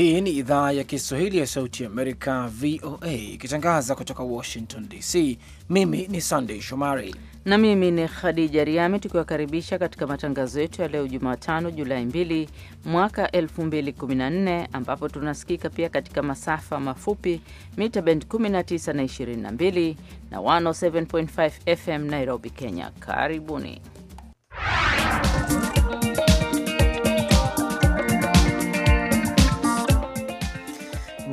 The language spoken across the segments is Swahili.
Hii ni idhaa ya Kiswahili ya Sauti ya Amerika, VOA, ikitangaza kutoka Washington DC. Mimi ni Sandey Shomari na mimi ni Khadija Riami, tukiwakaribisha katika matangazo yetu ya leo Jumatano, Julai 2 mwaka 2014, ambapo tunasikika pia katika masafa mafupi mita bend 19 na 22 na 107.5 FM Nairobi, Kenya. Karibuni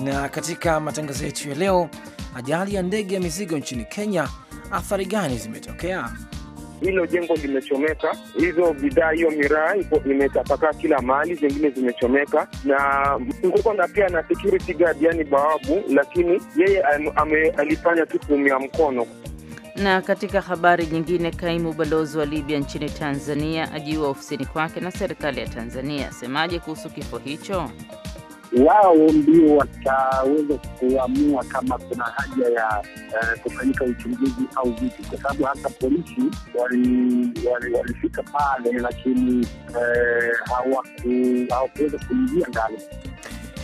Na katika matangazo yetu ya leo, ajali ya ndege ya mizigo nchini Kenya, athari gani zimetokea? Hilo jengo limechomeka, hizo bidhaa, hiyo miraa imetapakaa kila mahali, zingine zimechomeka, na mkuko, na pia na security guard, yani bawabu, lakini yeye ame, alifanya tu kuumia mkono. Na katika habari nyingine, kaimu balozi wa Libya nchini Tanzania ajiua ofisini kwake na serikali ya Tanzania. asemaje kuhusu kifo hicho? wao ndio wataweza kuamua kama kuna haja ya uh, kufanyika uchunguzi au vipi, kwa sababu hata polisi walifika wali, wali pale, lakini uh, hawakuweza kuingia ndani.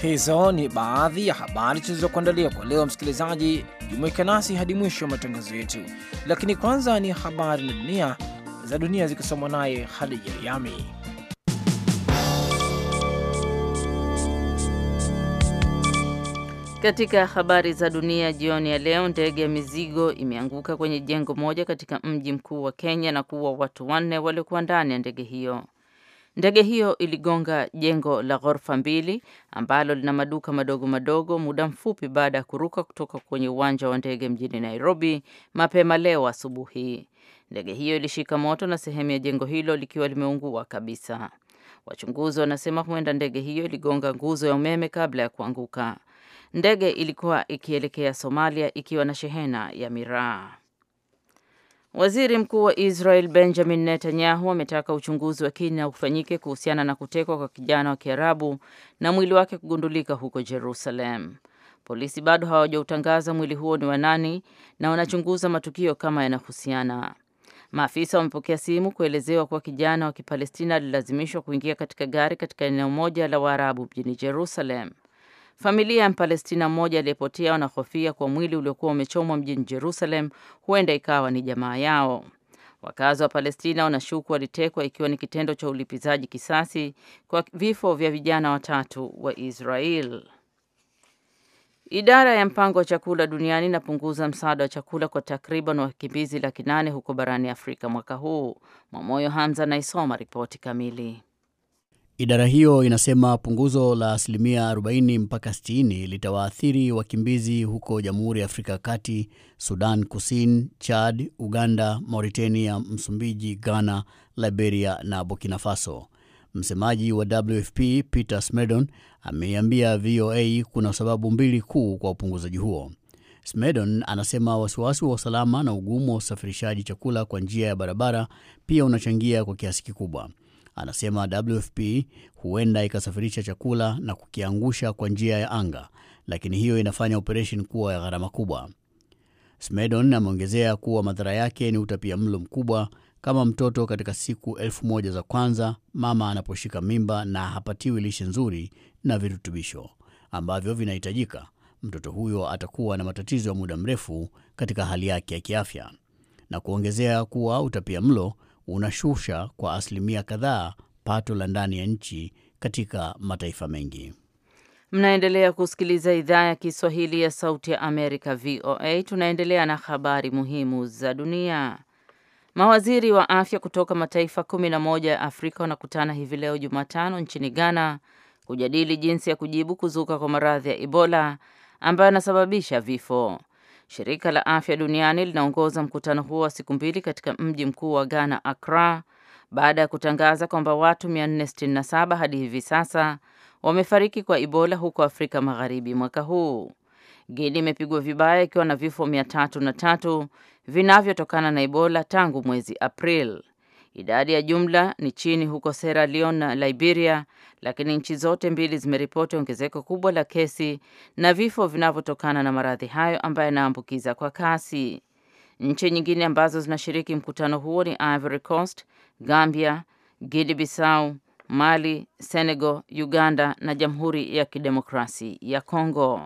Hizo ni baadhi ya habari tulizokuandalia kwa leo. Msikilizaji, jumuika nasi hadi mwisho wa matangazo yetu, lakini kwanza ni habari na dunia za dunia zikisomwa naye Hadija Yami. Katika habari za dunia jioni ya leo, ndege ya mizigo imeanguka kwenye jengo moja katika mji mkuu wa Kenya na kuua watu wanne waliokuwa ndani ya ndege hiyo. Ndege hiyo iligonga jengo la ghorofa mbili ambalo lina maduka madogo madogo muda mfupi baada ya kuruka kutoka kwenye uwanja wa ndege mjini Nairobi mapema leo asubuhi. Ndege hiyo ilishika moto na sehemu ya jengo hilo likiwa limeungua kabisa. Wachunguzi wanasema huenda ndege hiyo iligonga nguzo ya umeme kabla ya kuanguka. Ndege ilikuwa ikielekea Somalia ikiwa na shehena ya miraa. Waziri Mkuu wa Israel Benjamin Netanyahu ametaka uchunguzi wa kina ufanyike kuhusiana na kutekwa kwa kijana wa Kiarabu na mwili wake kugundulika huko Jerusalem. Polisi bado hawajautangaza mwili huo ni wa nani na wanachunguza matukio kama yanahusiana. Maafisa wamepokea simu kuelezewa kuwa kijana wa Kipalestina alilazimishwa kuingia katika gari katika eneo moja la Waarabu mjini Jerusalem. Familia ya Mpalestina mmoja aliyepotea wanahofia kwa mwili uliokuwa umechomwa mjini Jerusalem huenda ikawa ni jamaa yao. Wakazi wa Palestina wanashuku walitekwa ikiwa ni kitendo cha ulipizaji kisasi kwa vifo vya vijana watatu wa Israel. Idara ya mpango wa chakula duniani inapunguza msaada wa chakula kwa takriban wakimbizi laki nane huko barani Afrika mwaka huu. Mwamoyo Hamza anaisoma ripoti kamili. Idara hiyo inasema punguzo la asilimia 40 mpaka 60 litawaathiri wakimbizi huko Jamhuri ya Afrika ya Kati, Sudan Kusini, Chad, Uganda, Mauritania, Msumbiji, Ghana, Liberia na Burkina Faso. Msemaji wa WFP Peter Smedon ameiambia VOA kuna sababu mbili kuu kwa upunguzaji huo. Smedon anasema wasiwasi wa usalama na ugumu wa usafirishaji chakula kwa njia ya barabara pia unachangia kwa kiasi kikubwa. Anasema WFP huenda ikasafirisha chakula na kukiangusha kwa njia ya anga, lakini hiyo inafanya operesheni kuwa ya gharama kubwa. Smedon ameongezea kuwa madhara yake ni utapia mlo mkubwa, kama mtoto katika siku elfu moja za kwanza mama anaposhika mimba na hapatiwi lishe nzuri na virutubisho ambavyo vinahitajika, mtoto huyo atakuwa na matatizo ya muda mrefu katika hali yake ya kiafya, na kuongezea kuwa utapia mlo unashusha kwa asilimia kadhaa pato la ndani ya nchi katika mataifa mengi. Mnaendelea kusikiliza idhaa ya Kiswahili ya Sauti ya Amerika, VOA. Tunaendelea na habari muhimu za dunia. Mawaziri wa afya kutoka mataifa kumi na moja ya Afrika wanakutana hivi leo Jumatano nchini Ghana kujadili jinsi ya kujibu kuzuka kwa maradhi ya Ebola ambayo yanasababisha vifo. Shirika la Afya Duniani linaongoza mkutano huo wa siku mbili katika mji mkuu wa Ghana, Accra, baada ya kutangaza kwamba watu 467 hadi hivi sasa wamefariki kwa Ebola huko Afrika Magharibi mwaka huu. Guinea imepigwa vibaya ikiwa na vifo 303 vinavyotokana na Ebola tangu mwezi Aprili. Idadi ya jumla ni chini huko Sierra Leone na Liberia, lakini nchi zote mbili zimeripoti ongezeko kubwa la kesi na vifo vinavyotokana na maradhi hayo ambayo yanaambukiza kwa kasi. Nchi nyingine ambazo zinashiriki mkutano huo ni Ivory Coast, Gambia, Guinea Bissau, Mali, Senegal, Uganda na Jamhuri ya Kidemokrasi ya Kongo.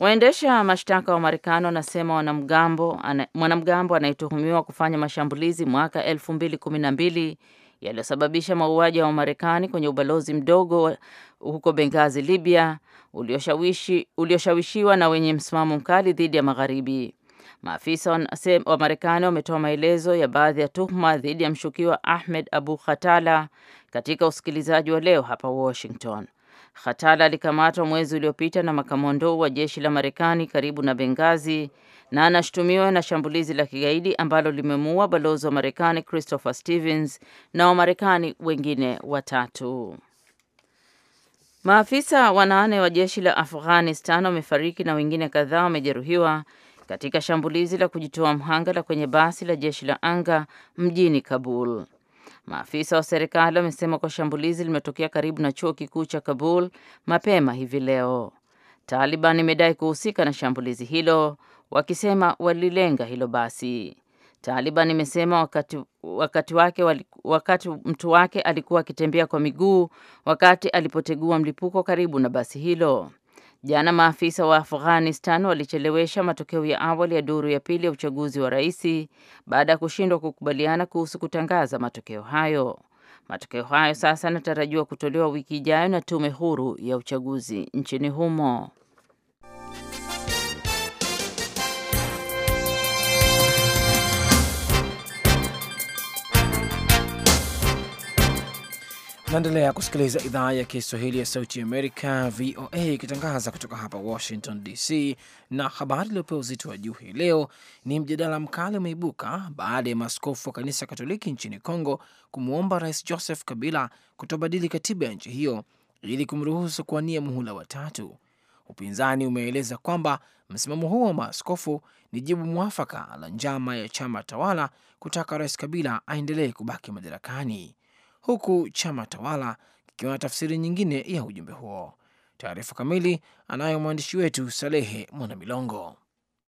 Waendesha mashtaka wa Marekani wanasema wanamgambo mwanamgambo anayetuhumiwa kufanya mashambulizi mwaka 2012 yaliyosababisha mauaji ya marekani kwenye ubalozi mdogo huko Bengazi, Libya, ulioshawishi, ulioshawishiwa na wenye msimamo mkali dhidi ya Magharibi. Maafisa wa Marekani wametoa maelezo ya baadhi ya tuhuma dhidi ya mshukiwa Ahmed Abu Khatala katika usikilizaji wa leo hapa Washington. Khatala alikamatwa mwezi uliopita na makamondo wa jeshi la Marekani karibu na Benghazi na anashutumiwa na shambulizi la kigaidi ambalo limemuua balozi wa Marekani Christopher Stevens na Wamarekani wengine watatu. Maafisa wanane wa jeshi la Afghanistan wamefariki na wengine kadhaa wamejeruhiwa katika shambulizi la kujitoa mhanga la kwenye basi la jeshi la anga mjini Kabul. Maafisa wa serikali wamesema kwa shambulizi limetokea karibu na chuo kikuu cha Kabul mapema hivi leo. Taliban imedai kuhusika na shambulizi hilo, wakisema walilenga hilo basi. Taliban imesema wakati, wakati, wake, wakati mtu wake alikuwa akitembea kwa miguu wakati alipotegua mlipuko karibu na basi hilo. Jana maafisa wa Afghanistan walichelewesha matokeo ya awali ya duru ya pili ya uchaguzi wa rais baada ya kushindwa kukubaliana kuhusu kutangaza matokeo hayo. Matokeo hayo sasa yanatarajiwa kutolewa wiki ijayo na tume huru ya uchaguzi nchini humo. Naendelea kusikiliza idhaa ya Kiswahili ya Sauti Amerika, VOA, ikitangaza kutoka hapa Washington DC. Na habari iliyopewa uzito wa juu hii leo ni mjadala mkali umeibuka baada ya maskofu wa kanisa Katoliki nchini congo kumwomba Rais Joseph Kabila kutobadili katiba ya nchi hiyo ili kumruhusu kuwania muhula watatu Upinzani umeeleza kwamba msimamo huo wa maaskofu ni jibu mwafaka la njama ya chama tawala kutaka Rais Kabila aendelee kubaki madarakani huku chama tawala kikiwa na tafsiri nyingine ya ujumbe huo. Taarifa kamili anayo mwandishi wetu Salehe Mwanamilongo.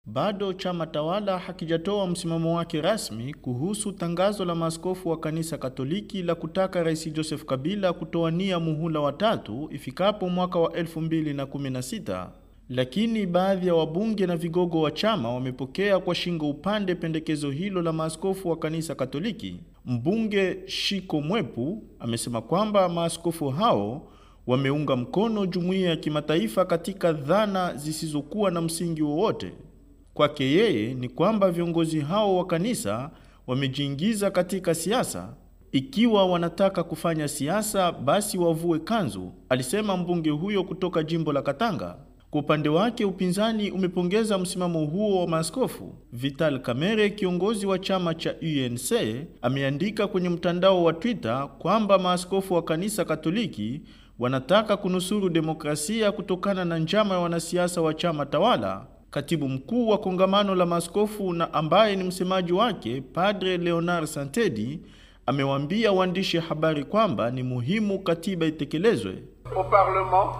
Bado chama tawala hakijatoa msimamo wake rasmi kuhusu tangazo la maaskofu wa kanisa Katoliki la kutaka Rais Joseph Kabila kutoania muhula wa tatu ifikapo mwaka wa 2016. Lakini baadhi ya wabunge na vigogo wa chama wamepokea kwa shingo upande pendekezo hilo la maaskofu wa kanisa Katoliki. Mbunge Shiko Mwepu amesema kwamba maaskofu hao wameunga mkono jumuiya ya kimataifa katika dhana zisizokuwa na msingi wowote. Kwake yeye ni kwamba viongozi hao wa kanisa wamejiingiza katika siasa. Ikiwa wanataka kufanya siasa, basi wavue kanzu, alisema mbunge huyo kutoka jimbo la Katanga. Kwa upande wake upinzani umepongeza msimamo huo wa maaskofu. Vital Kamerhe, kiongozi wa chama cha UNC, ameandika kwenye mtandao wa Twitter kwamba maaskofu wa kanisa Katoliki wanataka kunusuru demokrasia kutokana na njama ya wanasiasa wa chama tawala. Katibu mkuu wa kongamano la maaskofu na ambaye ni msemaji wake Padre Leonard Santedi amewaambia waandishi habari kwamba ni muhimu katiba itekelezwe au parlement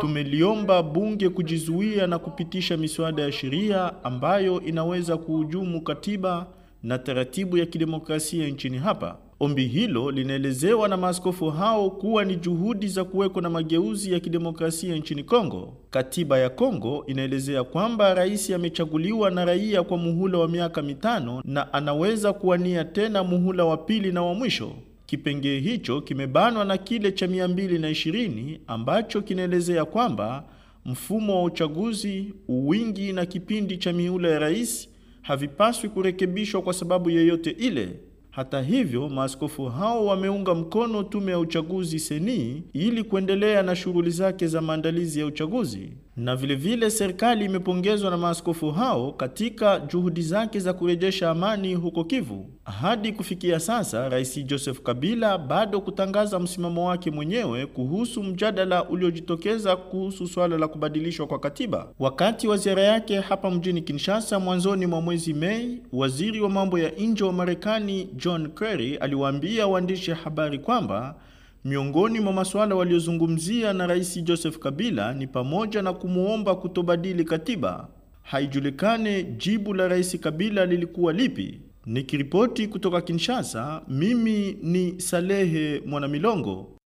Tumeliomba bunge kujizuia na kupitisha miswada ya sheria ambayo inaweza kuhujumu katiba na taratibu ya kidemokrasia nchini hapa. Ombi hilo linaelezewa na maaskofu hao kuwa ni juhudi za kuweko na mageuzi ya kidemokrasia nchini Kongo. Katiba ya Kongo inaelezea kwamba rais amechaguliwa na raia kwa muhula wa miaka mitano na anaweza kuwania tena muhula wa pili na wa mwisho. Kipengee hicho kimebanwa na kile cha 220 ambacho kinaelezea kwamba mfumo wa uchaguzi, uwingi na kipindi cha miula ya rais havipaswi kurekebishwa kwa sababu yoyote ile. Hata hivyo, maaskofu hao wameunga mkono tume ya uchaguzi seni ili kuendelea na shughuli zake za maandalizi ya uchaguzi na vilevile serikali imepongezwa na maaskofu hao katika juhudi zake za kurejesha amani huko Kivu. Hadi kufikia sasa, Rais Joseph Kabila bado kutangaza msimamo wake mwenyewe kuhusu mjadala uliojitokeza kuhusu swala la kubadilishwa kwa katiba. Wakati wa ziara yake hapa mjini Kinshasa mwanzoni mwa mwezi Mei, waziri wa mambo ya nje wa Marekani John Kerry aliwaambia waandishi habari kwamba Miongoni mwa masuala waliozungumzia na Rais Joseph Kabila ni pamoja na kumwomba kutobadili katiba. Haijulikane jibu la Rais Kabila lilikuwa lipi. Nikiripoti kutoka Kinshasa, mimi ni Salehe Mwanamilongo.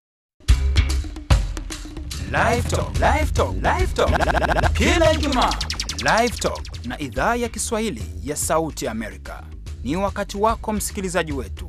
Live Talk, Live Talk, Live Talk. Kila Ijumaa Live Talk na idhaa ya Kiswahili ya Sauti Amerika. Ni wakati wako msikilizaji wetu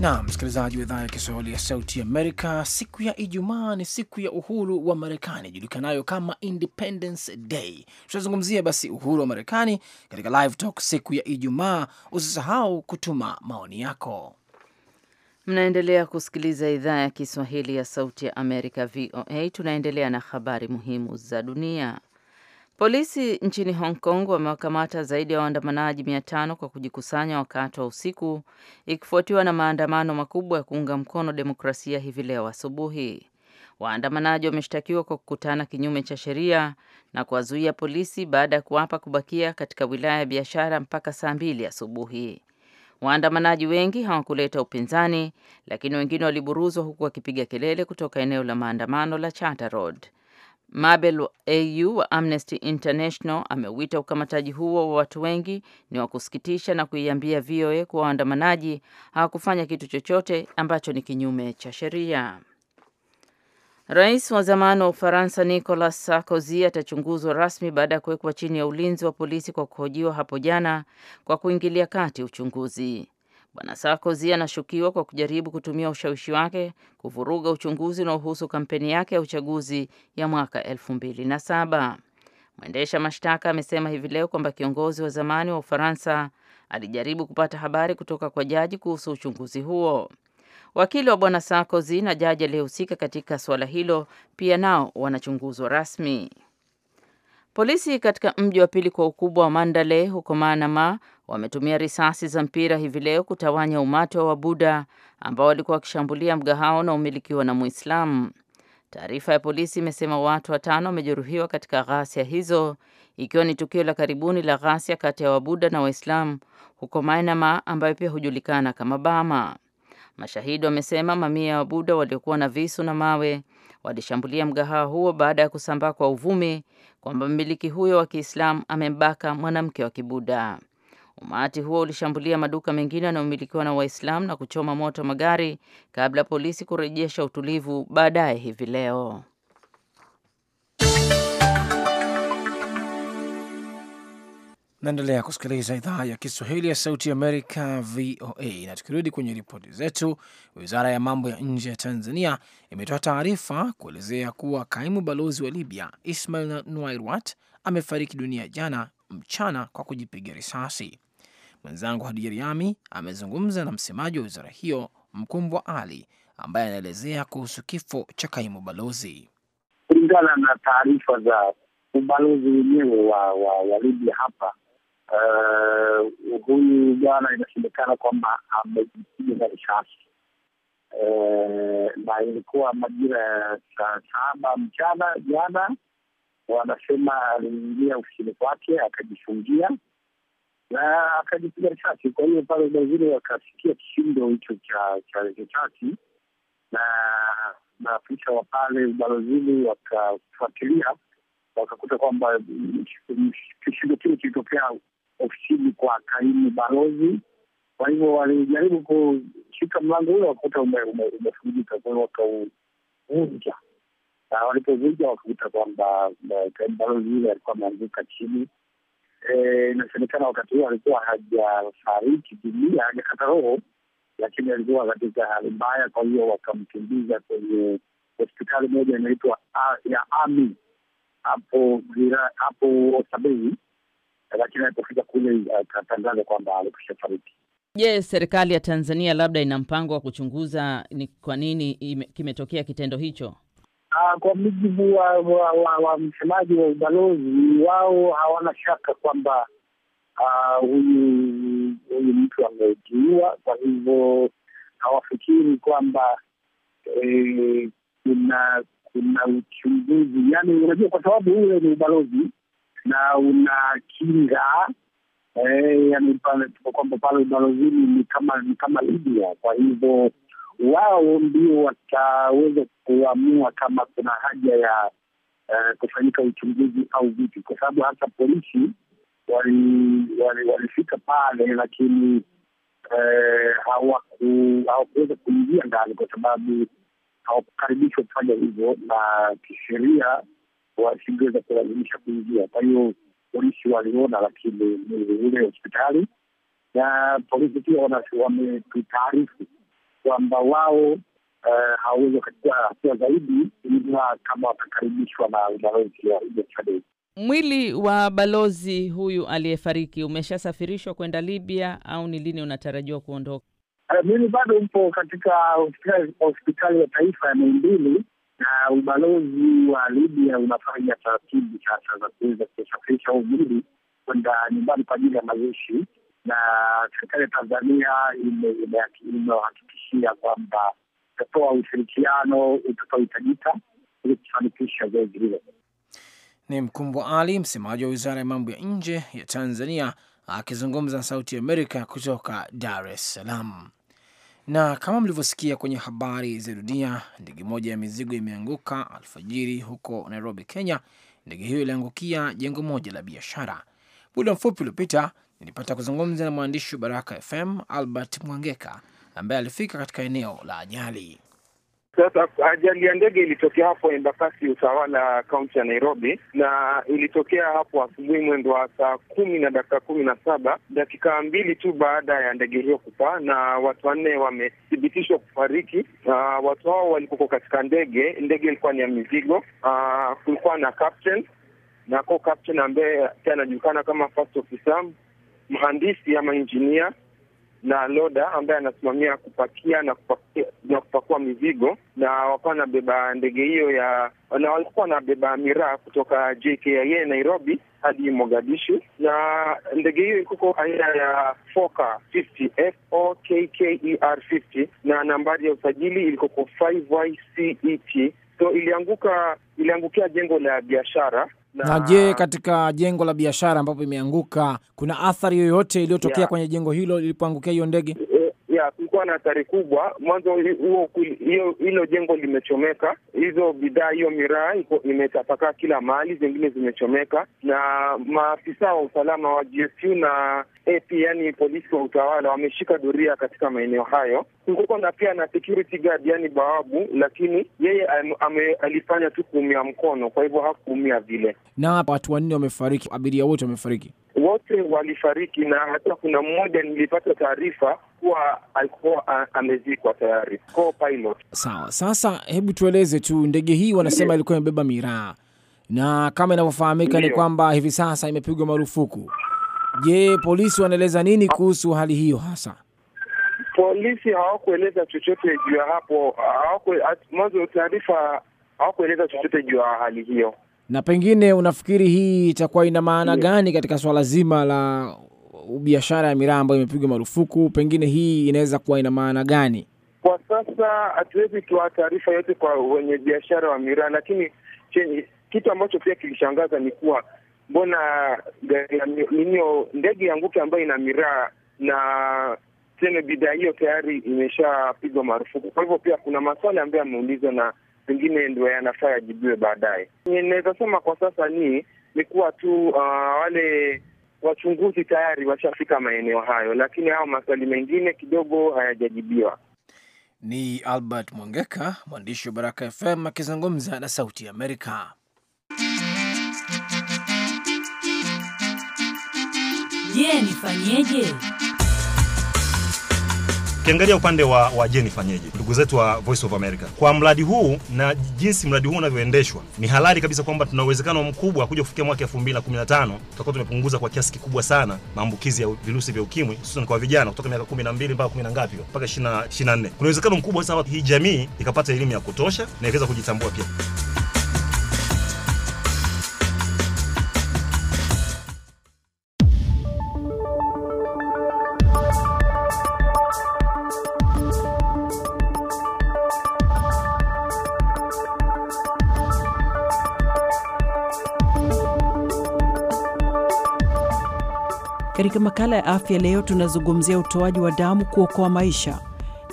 na msikilizaji wa idhaa ya Kiswahili ya Sauti Amerika, siku ya Ijumaa ni siku ya uhuru wa Marekani julikanayo kama Independence Day. Tutazungumzia basi uhuru wa Marekani katika Live Talk siku ya Ijumaa. Usisahau kutuma maoni yako. Mnaendelea kusikiliza idhaa ya Kiswahili ya Sauti ya Amerika, VOA. Tunaendelea na habari muhimu za dunia. Polisi nchini Hong Kong wamewakamata zaidi ya waandamanaji mia tano kwa kujikusanya wakati wa usiku, ikifuatiwa na maandamano makubwa ya kuunga mkono demokrasia hivi leo asubuhi. Waandamanaji wameshtakiwa kwa kukutana kinyume cha sheria na kuwazuia polisi baada ya kuwapa kubakia katika wilaya ya biashara mpaka saa mbili asubuhi. Waandamanaji wengi hawakuleta upinzani, lakini wengine waliburuzwa huku wakipiga kelele kutoka eneo la maandamano la Charter Road. Mabel Au wa Amnesty International ameuita ukamataji huo wa watu wengi ni wa kusikitisha na kuiambia VOA kuwa waandamanaji hawakufanya kitu chochote ambacho ni kinyume cha sheria. Rais wa zamani wa Ufaransa Nicolas Sarkozy atachunguzwa rasmi baada ya kuwekwa chini ya ulinzi wa polisi kwa kuhojiwa hapo jana kwa kuingilia kati uchunguzi. Bwana Sarkozy anashukiwa kwa kujaribu kutumia ushawishi wake kuvuruga uchunguzi unaohusu kampeni yake ya uchaguzi ya mwaka elfu mbili na saba. Mwendesha mashtaka amesema hivi leo kwamba kiongozi wa zamani wa Ufaransa alijaribu kupata habari kutoka kwa jaji kuhusu uchunguzi huo. Wakili wa bwana Sarkozy na jaji aliyehusika katika suala hilo pia nao wanachunguzwa rasmi. Polisi katika mji wa pili kwa ukubwa wa Mandalay huko Manama wametumia risasi za mpira hivi leo kutawanya umati wa Wabuda ambao walikuwa wakishambulia na unaomilikiwa na Muislamu. Taarifa ya polisi imesema watu watano wamejeruhiwa katika ghasia hizo, ikiwa ni tukio la karibuni la ghasia kati ya Wabuda na Waislamu huko mainama ambayo pia hujulikana kama Bama. Mashahidi wamesema mamia ya Wabuda waliokuwa na visu na mawe walishambulia mgahawa huo baada ya kusambaa kwa uvumi kwamba mmiliki huyo wa Kiislamu amembaka mwanamke wa Kibuda. Umati huo ulishambulia maduka mengine yanayomilikiwa na Waislamu na kuchoma moto magari kabla polisi kurejesha utulivu baadaye hivi leo. Naendelea kusikiliza idhaa ya Kiswahili ya Sauti Amerika, VOA. Na tukirudi kwenye ripoti zetu, wizara ya mambo ya nje ya Tanzania imetoa taarifa kuelezea kuwa kaimu balozi wa Libya Ismail Nuairwat amefariki dunia jana mchana kwa kujipiga risasi. Mwenzangu Hadija Riami amezungumza na msemaji wa wizara hiyo Mkumbwa Ali ambaye anaelezea kuhusu kifo cha kaimu balozi. Kulingana na taarifa za ubalozi wenyewe wa, wa, wa Libya hapa Eh, huyu bwana inasemekana kwamba amejipiga risasi eh, na ilikuwa majira ya saa saba mchana jana, wanasema aliingia ofisini kwake akajifungia na akajipiga risasi. Kwa hiyo pale Brazil wakasikia kishindo hicho cha risasi, na maafisa wa pale ubalozini wakafuatilia, wakakuta kwamba kishindo kile kilitokea ofisini kwa kaimu balozi. Kwa hivyo walijaribu kushika mlango ule, wakuta umefungika, kwa hiyo wakauvunja, na walipovunja wakakuta kwamba eh, kaimu balozi ule alikuwa ameanguka chini. Eh, inasemekana wakati huo alikuwa hajafariki dunia, hajakata roho, lakini alikuwa katika hali mbaya. Kwa hiyo wakamkimbiza kwenye hospitali moja inaitwa ya Ami hapo hapo Osabei, lakini alipofika kule akatangaza kwamba alikusha fariki. Je, yes, serikali ya Tanzania labda ina mpango wa kuchunguza ni kwa nini kimetokea kitendo hicho? Aa, ah, kwa mujibu wa, wa, wa, wa msemaji wa ubalozi wao hawana shaka kwamba ah, huyu uh, huyu mtu amejiua, kwa hivyo hawafikiri kwamba eh, kuna kuna uchunguzi. Yani unajua, kwa sababu huyo ni ubalozi na una eh, yani kwamba pale ubalozini ni kama ni kama Libya. Kwa hivyo wao ndio wataweza kuamua kama kuna haja ya uh, kufanyika uchunguzi au vipi, kwa sababu hata polisi walifika wali, wali pale lakini eh, hawakuweza kuingia ndani kwa sababu hawakukaribishwa kufanya hivyo, na kisheria wasingeweza kulazimisha kuingia. Kwa hiyo polisi waliona, lakini ni ule hospitali na polisi pia wametutaarifu kwamba wao uh, eh, hawawezi wakachukua hatua zaidi ila kama watakaribishwa na ubalozi wa Sadek. Mwili wa balozi huyu aliyefariki umeshasafirishwa kwenda Libya au ni lini unatarajiwa kuondoka? Uh, mimi bado mpo katika hospitali ya taifa ya Muhimbili na ubalozi wa Libya unafanya taratibu sasa za kuweza kusafirisha huu mwili kwenda nyumbani kwa ajili ya mazishi, na serikali ya Tanzania imehakikishia kwamba utatoa ushirikiano utakaohitajika ili kufanikisha zoezi hilo. Ni Mkumbwa Ali, msemaji wa wizara ya mambo ya nje ya Tanzania, akizungumza na Sauti ya Amerika kutoka Dar es Salaam. Na kama mlivyosikia kwenye habari za dunia, ndege moja ya mizigo imeanguka alfajiri huko Nairobi, Kenya. Ndege hiyo iliangukia jengo moja la biashara. Muda mfupi uliopita nilipata kuzungumza na mwandishi wa Baraka FM Albert Mwangeka ambaye alifika katika eneo la ajali. Sasa ajali ya ndege ilitokea hapo Embakasi, Utawala, kaunti ya Nairobi, na ilitokea hapo asubuhi mwendo wa saa kumi na dakika kumi na saba dakika mbili tu baada ya ndege hiyo kupaa, na watu wanne wamethibitishwa kufariki. Uh, watu hao walikuwa katika ndege. Ndege ilikuwa ni ya mizigo. Uh, kulikuwa na captain na co-captain ambaye pia anajulikana kama first officer, mhandisi ama injinia na loda ambaye anasimamia kupakia na kupakia, na kupakua mizigo na walikuwa wanabeba ndege hiyo ya na walikuwa wanabeba miraa kutoka JKIA Nairobi hadi Mogadishu, na ndege hiyo ikuko aina ya Fokker 50 F O K K E R 50 na nambari ya usajili ilikoko 5YCET. So ilianguka iliangukia jengo la biashara na, na je, katika jengo la biashara ambapo imeanguka kuna athari yoyote iliyotokea kwenye jengo hilo lilipoangukia hiyo ndege? kulikuwa na hatari kubwa mwanzo huo, hilo jengo limechomeka, hizo bidhaa, hiyo miraa imetapakaa kila mahali, zingine zimechomeka, na maafisa wa usalama wa GSU na AP, yani polisi wa utawala, wameshika doria katika maeneo hayo. Kuko na pia na security guard, yani bawabu, lakini yeye am, ame, alifanya tu kuumia mkono, kwa hivyo hakuumia vile. Na watu wanne wamefariki, abiria wote wamefariki, wote walifariki, na hata kuna mmoja nilipata taarifa alikuwa alikuwa amezikwa tayari co-pilot. Sawa, sasa hebu tueleze tu, ndege hii wanasema ilikuwa imebeba miraa na kama inavyofahamika ni kwamba hivi sasa imepigwa marufuku. Je, polisi wanaeleza nini kuhusu hali hiyo hasa? Polisi hawakueleza chochote juu ya hapo, mwanzo taarifa hawakueleza chochote juu ya hali hiyo. Na pengine unafikiri hii itakuwa ina maana gani katika swala zima la biashara ya miraa ambayo imepigwa marufuku, pengine hii inaweza kuwa ina maana gani? Kwa sasa hatuwezi toa taarifa yote kwa wenye biashara wa miraa, lakini chenye, kitu ambacho pia kilishangaza ni kuwa mbona ninio ndege yanguke ambayo ina miraa na tene bidhaa hiyo tayari imeshapigwa marufuku. Kwa hivyo pia kuna maswali ambayo yameulizwa na pengine ndio yanafaa yajibiwe baadaye. Ninaweza sema kwa sasa ni ni kuwa tu uh, wale wachunguzi tayari washafika maeneo hayo, lakini hayo maswali mengine kidogo hayajajibiwa. Ni Albert Mwangeka, mwandishi wa Baraka FM akizungumza na Sauti ya Amerika. Je, nifanyeje? Ukiangalia upande wa, wa jeni fanyeje, ndugu zetu wa Voice of America, kwa mradi huu na jinsi mradi huu unavyoendeshwa, ni halali kabisa kwamba tuna uwezekano mkubwa kuja kufikia mwaka tano tutakuwa tumepunguza kwa kiasi kikubwa sana maambukizi ya virusi vya ukimwi hususan kwa vijana kutoka miaka mbili mpaka kumi na ngapi mpaka nne. Kuna uwezekano mkubwa sasa hii jamii ikapata elimu ya kutosha na ikaweza kujitambua pia. Katika makala ya afya leo, tunazungumzia utoaji wa damu kuokoa maisha.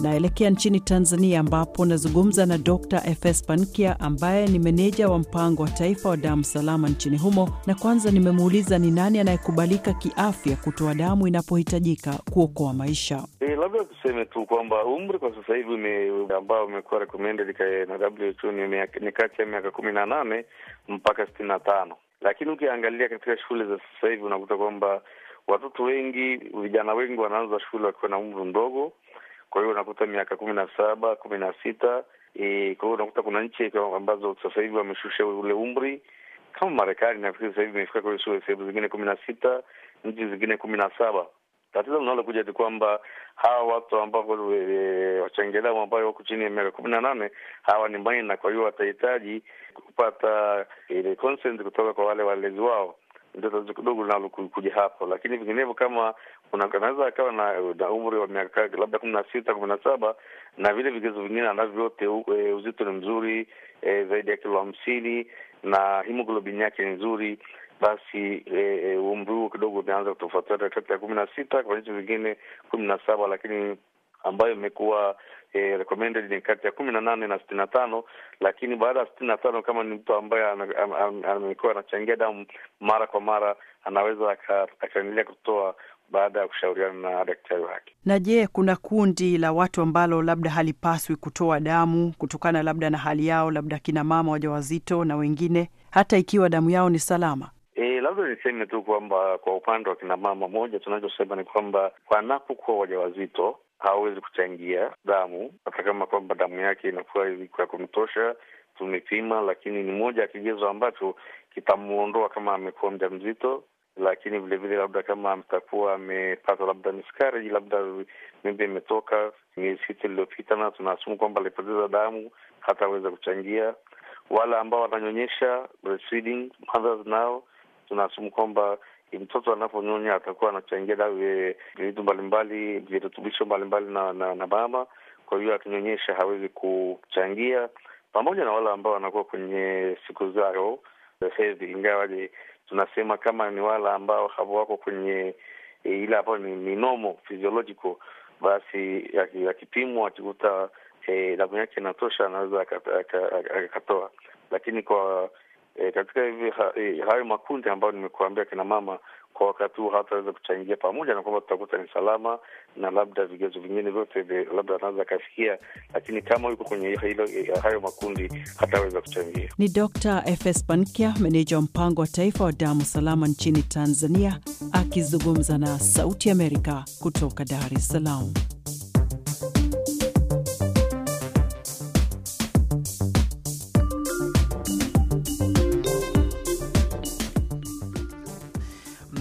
Naelekea nchini Tanzania ambapo nazungumza na Dr Efes Pankia ambaye ni meneja wa mpango wa taifa wa damu salama nchini humo, na kwanza nimemuuliza ni nani anayekubalika kiafya kutoa damu inapohitajika kuokoa maisha. E, labda tuseme tu kwamba umri kwa sasa hivi ambao umekuwa recommended na WHO ni kati ya miaka kumi na nane mpaka sitini na tano, lakini ukiangalia katika shule za sasa hivi unakuta kwamba watoto wengi, vijana wengi wanaanza shule wakiwa na umri mdogo. Kwa hiyo unakuta miaka kumi na saba, kumi na sita. E, kwa hiyo unakuta kuna nchi ambazo sasa hivi wameshusha ule umri kama Marekani, nafikiri sasa hivi imefika kwenye shule sehemu zingine kumi na sita, nchi zingine kumi na saba. Tatizo linalokuja ni kwamba hawa watu ambao e, e, wachengelamu ambayo wako chini ya miaka kumi na nane hawa ni maina, kwa hiyo watahitaji kupata ile consent kutoka kwa wale walezi wao ndio tatizo kidogo kuja hapo, lakini vinginevyo kama anaweza akawa na, na umri wa miaka labda kumi na sita kumi na saba na vile vigezo vingine anavyo vyote, e, uzito ni mzuri e, zaidi ya kilo hamsini na hemoglobin yake ni nzuri, basi e, e umri huo kidogo unaanza kutofautiana kati ya kumi na sita kwa nchi vingine kumi na saba lakini ambayo imekuwa eh, recommended ni kati ya kumi na nane na sitini na tano lakini baada ya sitini na tano kama ni mtu ambaye amekuwa anachangia damu mara kwa mara anaweza akaendelea kutoa baada ya kushauriana na daktari wake. Na je, kuna kundi la watu ambalo labda halipaswi kutoa damu kutokana labda na hali yao, labda kina mama wajawazito na wengine, hata ikiwa damu yao ni salama? E, labda niseme tu kwamba kwa upande wa kina mama, moja tunachosema ni kwamba wanapokuwa wajawazito hawezi kuchangia damu, hata kama kwamba damu yake inakuwa ya kumtosha, tumepima, lakini ni moja ya kigezo ambacho kitamwondoa kama amekuwa mja mzito lakini vilevile labda kama atakuwa amepata labda miskari labda mimbe imetoka miezi sita iliyopita, na tunaasumu kwamba alipoteza damu, hataweza kuchangia. Wale ambao wananyonyesha breastfeeding mothers, nao tunaasumu kwamba mtoto anaponyonya atakuwa anachangia eh, vitu mbalimbali virutubisho mbalimbali na, na, na mama. Kwa hiyo akinyonyesha hawezi kuchangia, pamoja na wale ambao wanakuwa kwenye siku zao hedhi, ingawaje tunasema kama ni wale ambao hawako kwenye e, ile ambayo ni normal physiological, basi akipimwa akikuta eh, damu yake inatosha anaweza akatoa, lakini kwa E, katika hivi ha, e, hayo makundi ambayo nimekuambia kina mama kwa wakati huu hataweza kuchangia, pamoja na kwamba tutakuta ni salama na labda vigezo vingine vyote labda anaweza akafikia, lakini kama yuko kwenye hilo, eh, hayo makundi hataweza kuchangia. Ni Dr. FS Pankia, meneja wa mpango wa taifa wa damu salama nchini Tanzania, akizungumza na Sauti Amerika kutoka Dar es Salaam.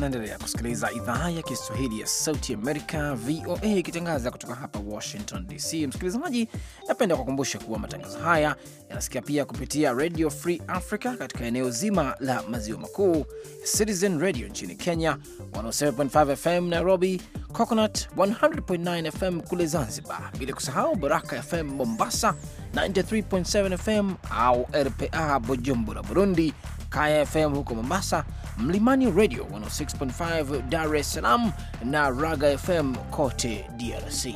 Unaendelea kusikiliza idhaa ya Kiswahili ya Sauti Amerika, VOA, ikitangaza kutoka hapa Washington DC. Msikilizaji, napenda kukumbusha kuwa matangazo haya yanasikia pia kupitia Radio Free Africa katika eneo zima la maziwa makuu, Citizen Radio nchini Kenya, 107.5 FM Nairobi, Coconut 100.9 FM kule Zanzibar, bila kusahau Baraka FM Mombasa 93.7 FM au RPA Bujumbura, Burundi, Kaya FM huko Mombasa, Mlimani Radio 106.5 Dar es Salaam na Raga FM kote DRC.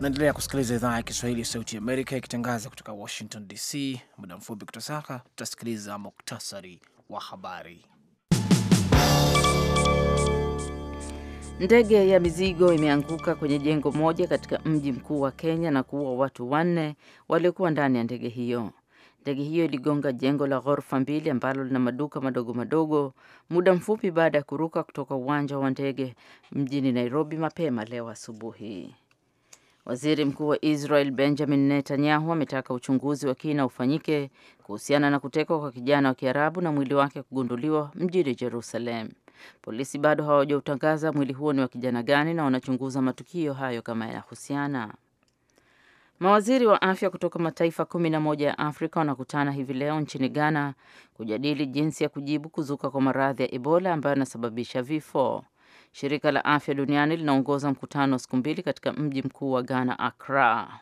Naendelea kusikiliza idhaa ya Kiswahili ya Sauti ya Amerika ikitangaza kutoka Washington DC. Muda mfupi kutosaka tutasikiliza muktasari wa habari. Ndege ya mizigo imeanguka kwenye jengo moja katika mji mkuu wa Kenya na kuua watu wanne waliokuwa ndani ya ndege hiyo. Ndege hiyo iligonga jengo la ghorofa mbili ambalo lina maduka madogo madogo muda mfupi baada ya kuruka kutoka uwanja wa ndege mjini Nairobi mapema leo asubuhi. Waziri Mkuu wa Israel Benjamin Netanyahu ametaka uchunguzi wa kina ufanyike kuhusiana na kutekwa kwa kijana wa Kiarabu na mwili wake kugunduliwa mjini Jerusalem. Polisi bado hawajautangaza mwili huo ni wa kijana gani na wanachunguza matukio hayo kama yanahusiana. Mawaziri wa afya kutoka mataifa kumi na moja ya Afrika wanakutana hivi leo nchini Ghana kujadili jinsi ya kujibu kuzuka kwa maradhi ya Ebola ambayo yanasababisha vifo. Shirika la Afya Duniani linaongoza mkutano wa siku mbili katika mji mkuu wa Ghana, Accra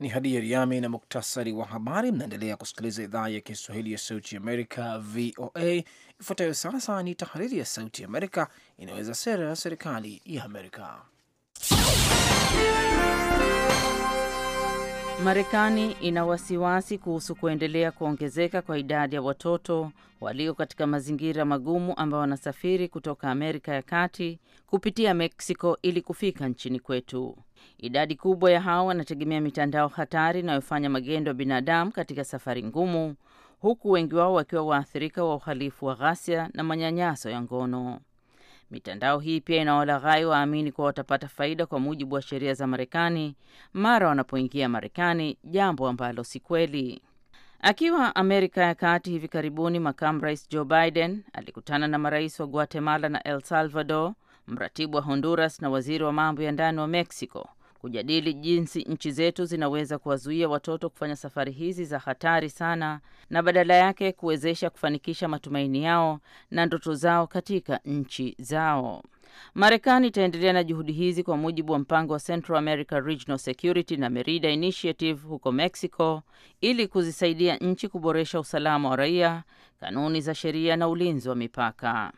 ni Hadia Riami na muktasari wa habari. Mnaendelea kusikiliza idhaa ya Kiswahili ya Sauti Amerika, VOA. Ifuatayo sasa ni tahariri ya Sauti Amerika inaweza sera ya serikali ya Amerika. Marekani ina wasiwasi kuhusu kuendelea kuongezeka kwa idadi ya watoto walio katika mazingira magumu ambao wanasafiri kutoka Amerika ya Kati kupitia Meksiko ili kufika nchini kwetu. Idadi kubwa ya hao wanategemea mitandao hatari inayofanya magendo ya binadamu katika safari ngumu, huku wengi wao wakiwa waathirika wa uhalifu wa ghasia na manyanyaso ya ngono. Mitandao hii pia inawalaghai waamini kuwa watapata faida kwa mujibu wa sheria za Marekani mara wanapoingia Marekani, jambo ambalo si kweli. Akiwa Amerika ya Kati hivi karibuni, makamu rais Joe Biden alikutana na marais wa Guatemala na El Salvador, mratibu wa Honduras na waziri wa mambo ya ndani wa Mexico kujadili jinsi nchi zetu zinaweza kuwazuia watoto kufanya safari hizi za hatari sana na badala yake kuwezesha kufanikisha matumaini yao na ndoto zao katika nchi zao. Marekani itaendelea na juhudi hizi kwa mujibu wa mpango wa Central America Regional Security na Merida Initiative huko Mexico ili kuzisaidia nchi kuboresha usalama wa raia, kanuni za sheria na ulinzi wa mipaka.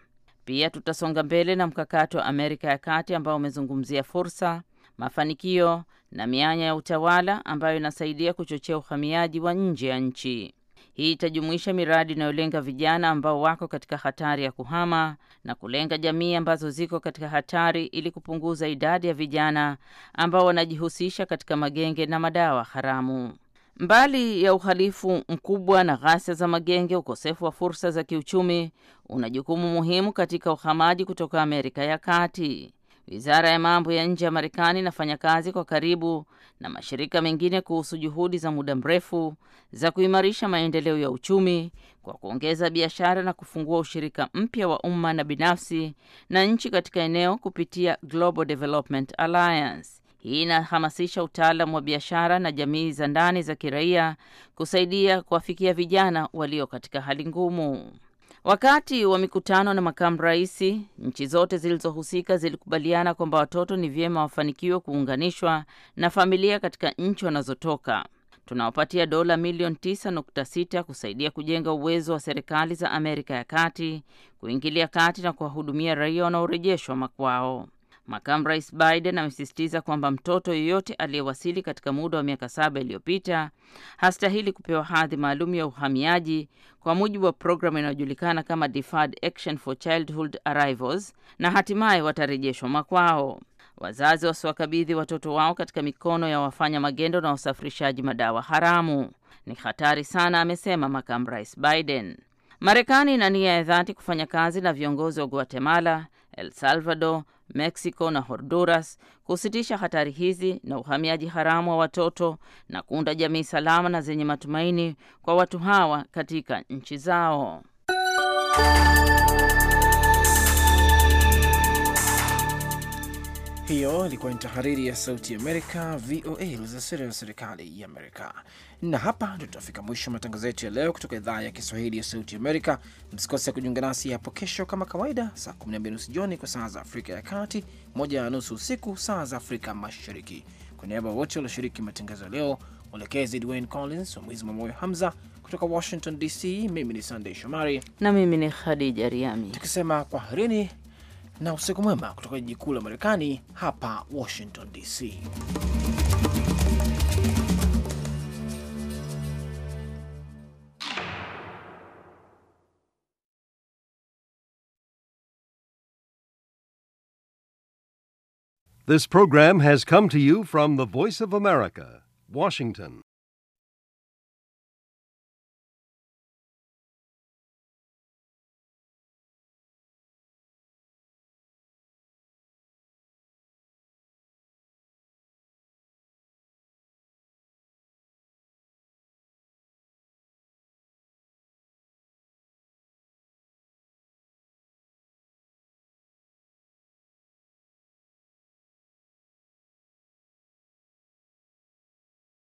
Pia tutasonga mbele na mkakati wa Amerika ya Kati ambao umezungumzia fursa mafanikio na mianya ya utawala ambayo inasaidia kuchochea uhamiaji wa nje ya nchi. Hii itajumuisha miradi inayolenga vijana ambao wako katika hatari ya kuhama na kulenga jamii ambazo ziko katika hatari ili kupunguza idadi ya vijana ambao wanajihusisha katika magenge na madawa haramu. Mbali ya uhalifu mkubwa na ghasia za magenge, ukosefu wa fursa za kiuchumi una jukumu muhimu katika uhamaji kutoka Amerika ya Kati. Wizara ya mambo ya nje ya Marekani inafanya kazi kwa karibu na mashirika mengine kuhusu juhudi za muda mrefu za kuimarisha maendeleo ya uchumi kwa kuongeza biashara na kufungua ushirika mpya wa umma na binafsi na nchi katika eneo kupitia Global Development Alliance. Hii inahamasisha utaalamu wa biashara na jamii za ndani za kiraia kusaidia kuwafikia vijana walio katika hali ngumu. Wakati wa mikutano na makamu rais, nchi zote zilizohusika zilikubaliana kwamba watoto ni vyema wafanikiwe kuunganishwa na familia katika nchi wanazotoka. Tunawapatia dola milioni 9.6 kusaidia kujenga uwezo wa serikali za Amerika ya Kati kuingilia kati na kuwahudumia raia wanaorejeshwa makwao. Makamu Rais Biden amesisitiza kwamba mtoto yeyote aliyewasili katika muda wa miaka saba iliyopita hastahili kupewa hadhi maalum ya uhamiaji kwa mujibu wa programu inayojulikana kama Deferred Action for Childhood Arrivals, na hatimaye watarejeshwa makwao. Wazazi wasiwakabidhi watoto wao katika mikono ya wafanya magendo na wasafirishaji madawa haramu. Ni hatari sana, amesema Makamu Rais Biden. Marekani ina nia ya dhati kufanya kazi na viongozi wa Guatemala, El Salvador, Mexico na Honduras kusitisha hatari hizi na uhamiaji haramu wa watoto na kuunda jamii salama na zenye matumaini kwa watu hawa katika nchi zao. hiyo ilikuwa ni tahariri ya Sauti Amerika VOA ilieleza sera ya serikali ya Amerika. Na hapa ndio tutafika mwisho matangazo yetu ya leo kutoka idhaa ya Kiswahili ya Sauti Amerika. Msikose kujiunga nasi hapo kesho kama kawaida, saa 12 jioni kwa saa za Afrika ya Kati, nusu usiku saa za Afrika Mashariki. Kwa niaba wote walioshiriki matangazo ya leo, mwelekezi Dwayne Collins wa mwizi Mamoyo Hamza kutoka Washington DC, mimi ni Sandey Shomari na mimi ni Khadija Riami tukisema kwaherini na usiku mwema kutoka jiji kuu la Marekani hapa Washington DC. This program has come to you from the Voice of America, Washington.